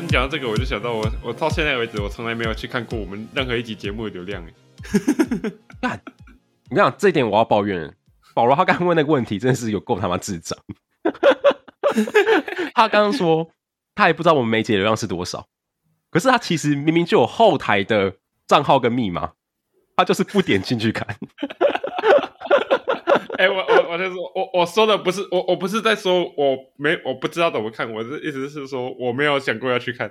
你講到這個，我就想到我，我到現在為止，我從來沒有去看過我們任何一集節目的流量你看， 怎麼樣？這一點我要抱怨了。保羅他剛問那個問題，真的是有夠他媽智障。 他剛剛說，他也不知道我們每集流量是多少，可是他其實明明就有後台的賬號跟密碼，他就是不點進去看。 哎、欸，我我我在說，我我說的不是我我不是在說我沒我不知道怎麼看，我的意思是說我沒有想過要去看。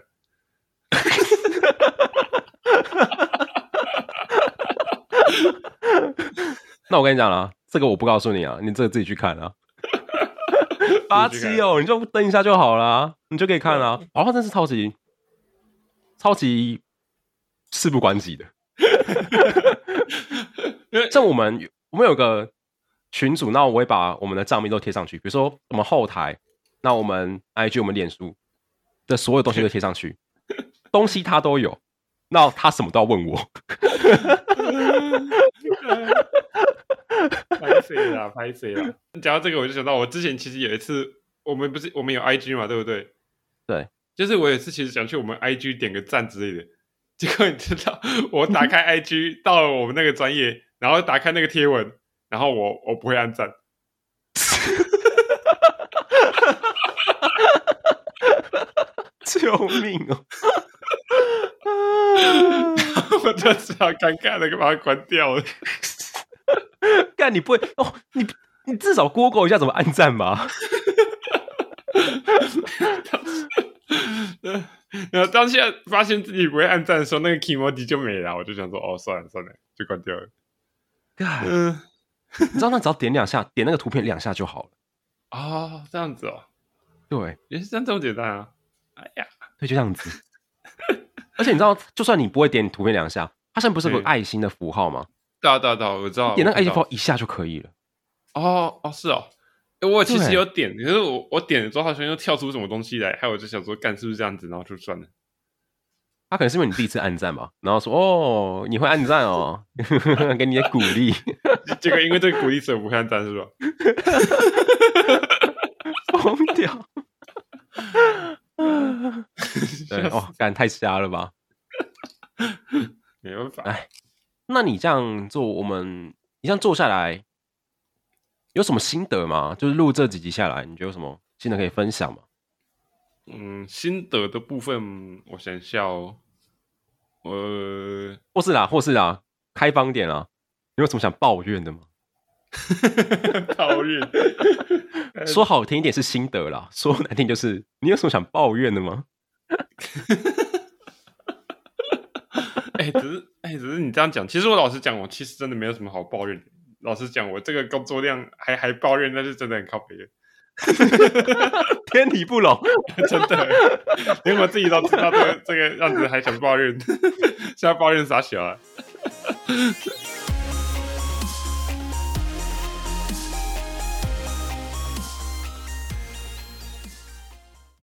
那我跟你講了，這個我不告訴你啊，你這個自己去看啊。 看 八七哦、喔，你就登一下就好啦，你就可以看了，啊。然後真是超級超級事不關己的。 因為 像我們我們有個。群主，那我會把我們的賬面都貼上去，比如說我們後台，那我們 IG、我們臉書的所有東西都貼上去， 東西他都有，那他什麼都要問我。拍謝啦，拍謝啦。你講到這個，我就想到我之前其實有一次，我們不是我們有 IG 嘛，對不對？對，就是我有一次其實想去我們 IG 點個讚之類的，結果你知道，我打開 IG 到了我們那個專頁，然後打開那個貼文。然後我我不會按讚， 救命哦、喔！ 我當時好尷尬了，就把它關掉了。但 你不會哦？你你至少 Google 一下怎麼按讚吧？ 當現在發現自己不會按讚的時候，那個 emoji 就沒了。我就想說，哦，算了算了，就關掉了。干嗯 你知道他只要點兩下，點那個圖片兩下就好了哦，這樣子哦，對，也是真這，這麼簡單啊，哎呀，對，就這樣子。 而且你知道，就算你不會點圖片兩下，它上面不是有個愛心的符號嗎？對對對，我知道，知道點那個愛心符號一下就可以了。了哦哦，是哦、欸，我其實有點，對可是我我點了之後好像又跳出什麼東西來，還有我就想說，幹是不是這樣子，然後就算了。他可能是因為你第一次按讚吧， 然後說哦，你會按讚哦， 給你的鼓勵。 這個 因為這個勵所不看山是吧？瘋掉！哇、哦、幹，太瞎了吧？沒辦法，那你這樣做，我們你這樣做下來，有什麼心得嗎？就是錄這幾集下來，你覺得有什麼心得可以分享嗎？嗯、心得的部分，我想笑、哦。呃，或是啦，或是啦，開放點啦。你有什麼想抱怨的嗎？抱怨 厭說好聽一點是心得啦，說難聽就是你有什麼想抱怨的嗎？哎、 欸，只是哎、欸，只是你這樣講，其實我老實講，我其實真的沒有什麼好抱怨。老實講，我這個工作量還，還抱怨，那是真的很靠北。 天理不容， 真的，連我自己都知道這個這個樣子還想抱怨，現在抱怨啥小啊？